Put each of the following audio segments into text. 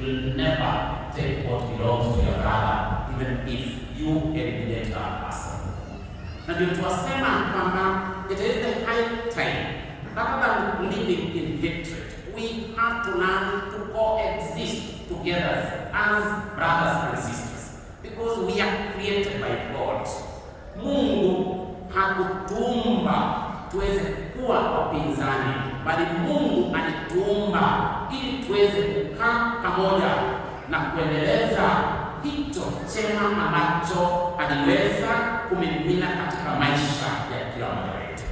you will never take what belongs to your brother even if you eliminate that person. Na ndio tuwasema kwamba it is the high time rather than living in hatred, we have to learn to coexist together as brothers and sisters because we are created by God. Mungu hakutumba tuweze kuwa wapinzani, bali Mungu alituumba tuweze kukaa pamoja na kuendeleza hicho chema ambacho aliweza kumimina katika maisha ya kila mmoja wetu,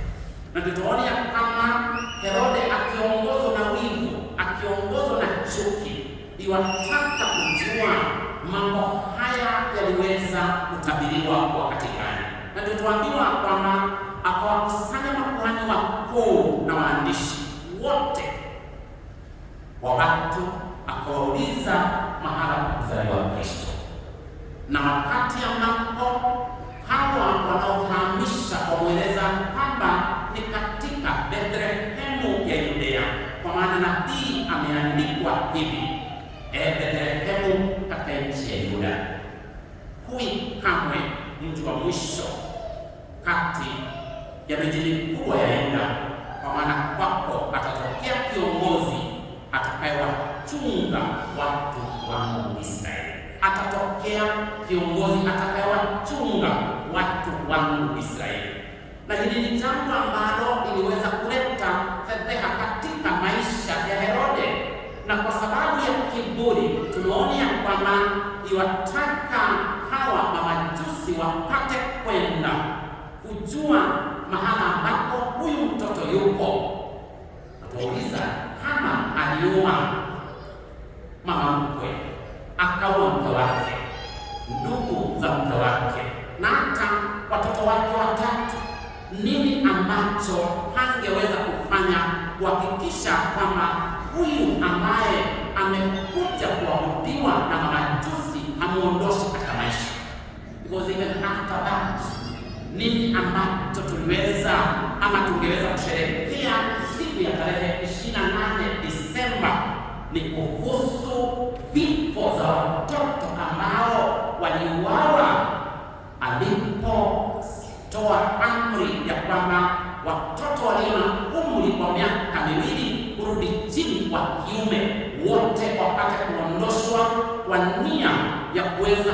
na tutaona kama Herode akiongozwa na wivu, akiongozwa na chuki, iwataka kujua mambo haya yaliweza kutabiriwa wakati gani, na tutaambiwa kwamba akawakusanya makuhani wakuu na waandishi wote wa watu akawauliza mahala kuzaliwa Kristo, na wakati ambapo hawa wanaofahamisha wamweleza kwamba ni katika Bethlehemu ya Yudea, kwa maana nabii ameandikwa hivi, e Bethlehemu katika nchi ya Yuda, hui kamwe mji wa mwisho kati ya miji mikubwa ya Yuda, kwa maana kwako atatokea kiongozi atakayewachunga watu wa Israeli. Atatokea kiongozi atakayewachunga watu wa Israeli, na hili ni jambo ambalo liliweza kuleta fedheha katika maisha ya Herode, na kwa sababu ya kiburi tumeona kwamba iwataka hawa mamajusi wapate kwenda kujua mahala ambapo huyu mtoto yuko. Atauliza kama alioa mama mkwe akaua mke wake, ndugu za mke wake na hata watoto wake watatu, nini ambacho hangeweza kufanya kuhakikisha kwamba huyu ambaye amekuja kuabudiwa na mamajusi hamuondoshi katika maisha? Because even after that, nini ambacho ndicho tuliweza ama tungeweza kusherehekea siku ya tarehe 28 Disemba ni kuhusu vifo za watoto ambao waliuawa alipotoa amri ya kwamba watoto walio na umri wa miaka miwili kurudi chini wa kiume wote wapate kuondoshwa kwa nia ya kuweza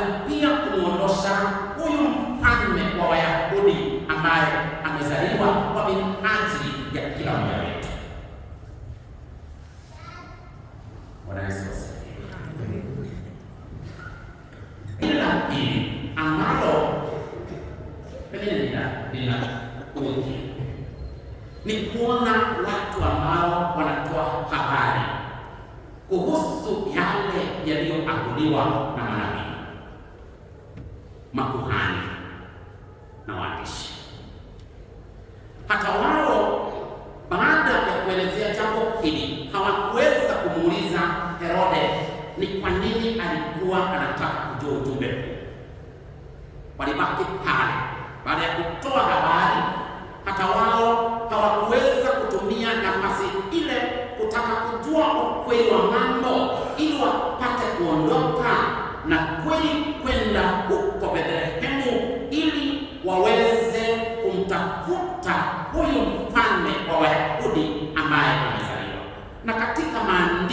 ni kuona watu ambao wanatoa habari kuhusu yale na manabii, makuhani na waandishi alikuwa anataka kujua ujumbe, walibaki pale. Baada ya kutoa habari, hata wao hawakuweza kutumia nafasi ile kutaka kujua ukweli wa mambo ili wapate kuondoka na kweli kwenda huko Bethlehemu ili waweze kumtafuta huyu mfalme wa Wayahudi ambaye amezaliwa na katika maandiko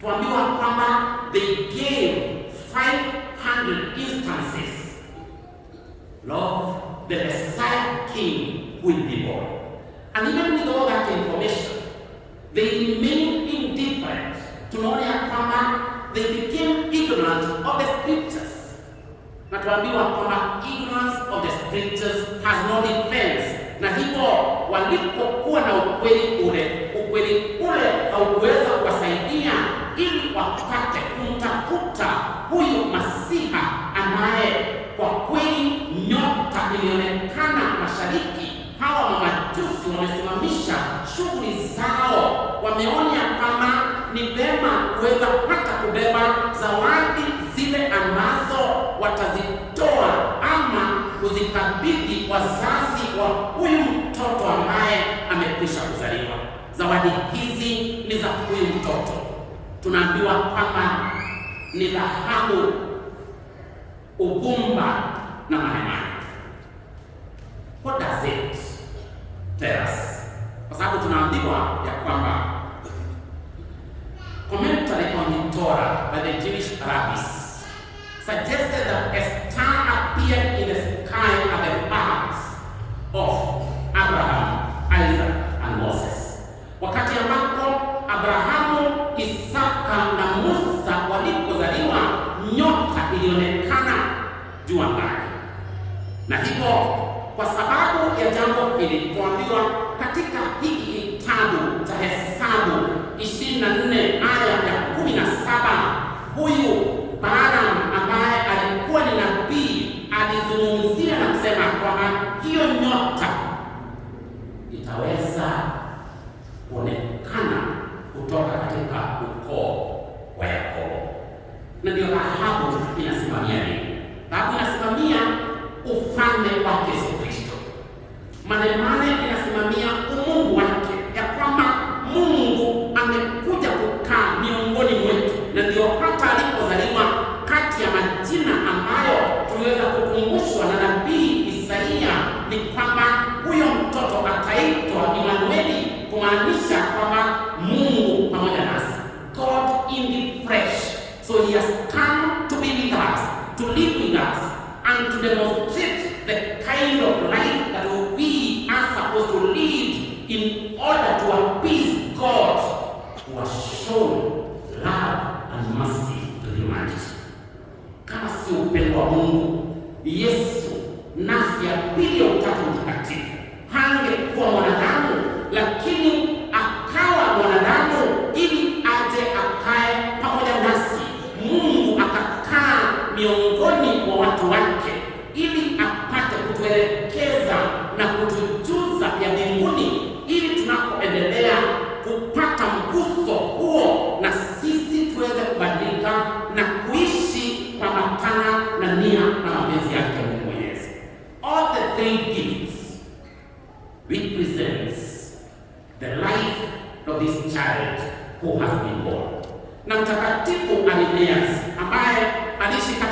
tuambiwa kwamba they gave 500 instances of the Messiah king who will be born. And even with all that information, they remained indifferent. Tunaona ya kwamba they became ignorant of the scriptures. Na tuambiwa kwamba ignorance of the scriptures has no defense, na hivyo walipokuwa na ukweli ule ni vema kuweza hata kubeba zawadi zile ambazo watazitoa ama kuzikabidhi wazazi wa huyu mtoto ambaye amekwisha kuzaliwa. Zawadi hizi ni za huyu mtoto. Tunaambiwa kwamba ni dhahabu, ugumba na manemane. What does it tell us? Kwa sababu tunaambiwa ya kwamba commentary on the Torah by the Jewish rabbis suggested that a star appeared in the sky at the backs of Abraham, Isaac and Moses. Wakati ambapo Abrahamu, Isaka na Musa walipozaliwa, nyota ilionekana juu angani, na hivyo kwa sababu ya jambo hili tuambiwa katika hiki kitabu cha Hesabu ishirini na nne aya ya kumi na saba huyu Balaam ambaye alikuwa ni nabii alizungumzia na kusema kwamba hiyo nyota itaweza kuonekana kutoka katika ukoo wa Yakobo, na ndiyo dhahabu inasimamia nini? Dhahabu inasimamia ufalme wa Yesu Kristo maana So he has come to be with us, to live with us, and to demonstrate the kind of life that we are supposed to lead in order to appease God, who has shown love and mercy to humanity. Kama si upendo wa Mungu, Yesu nafsi ya pili ya Utatu Mtakatifu hangekuwa mwanadamu, lakini na kutujuza ya mbinguni, ili tunapoendelea kupata mguso huo na sisi tuweze kubadilika na kuishi kwa mapana na nia na mapenzi yake Mungu Yesu. All the three gifts represents the life of this child who has been born. Na Mtakatifu Irenaeus ambaye alishika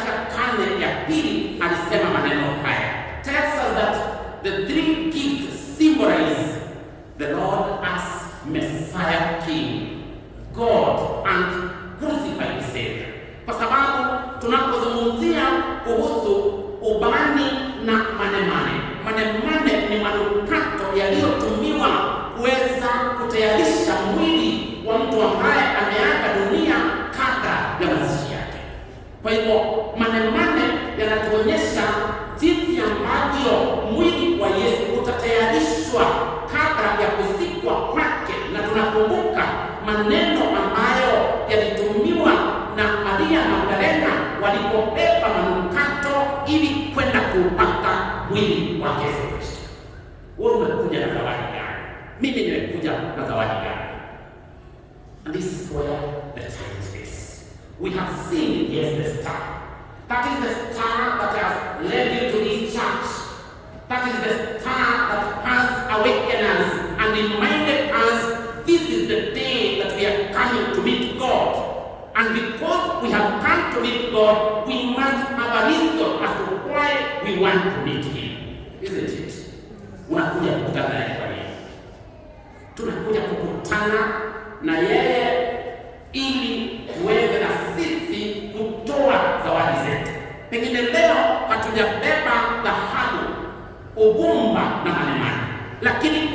God and crucify the Savior, kwa sababu tunapozungumzia kuhusu ubani na manemane, manemane ni manukato yaliyotumiwa kuweza kutayarisha mwili wa mtu ambaye ameaga dunia kabla ya mazishi yake. Kwa hivyo mwili wake Kristo. Wewe na zawadi gani? Mimi nimekuja na zawadi gani? And this is where the time is. We have seen, yes, the star. That is the star that has led you to this church. That is the star that has awakened us and reminded us this is the day that we are coming to meet God. And because we have come to meet God, we must have a reason as to why we want to meet Him. tunakuja kukutana naye kwa nini? Tunakuja kukutana na yeye ili tuweze na sisi kutoa zawadi zetu. Pengine leo hatujabeba dhahabu, ugumba na manemane, lakini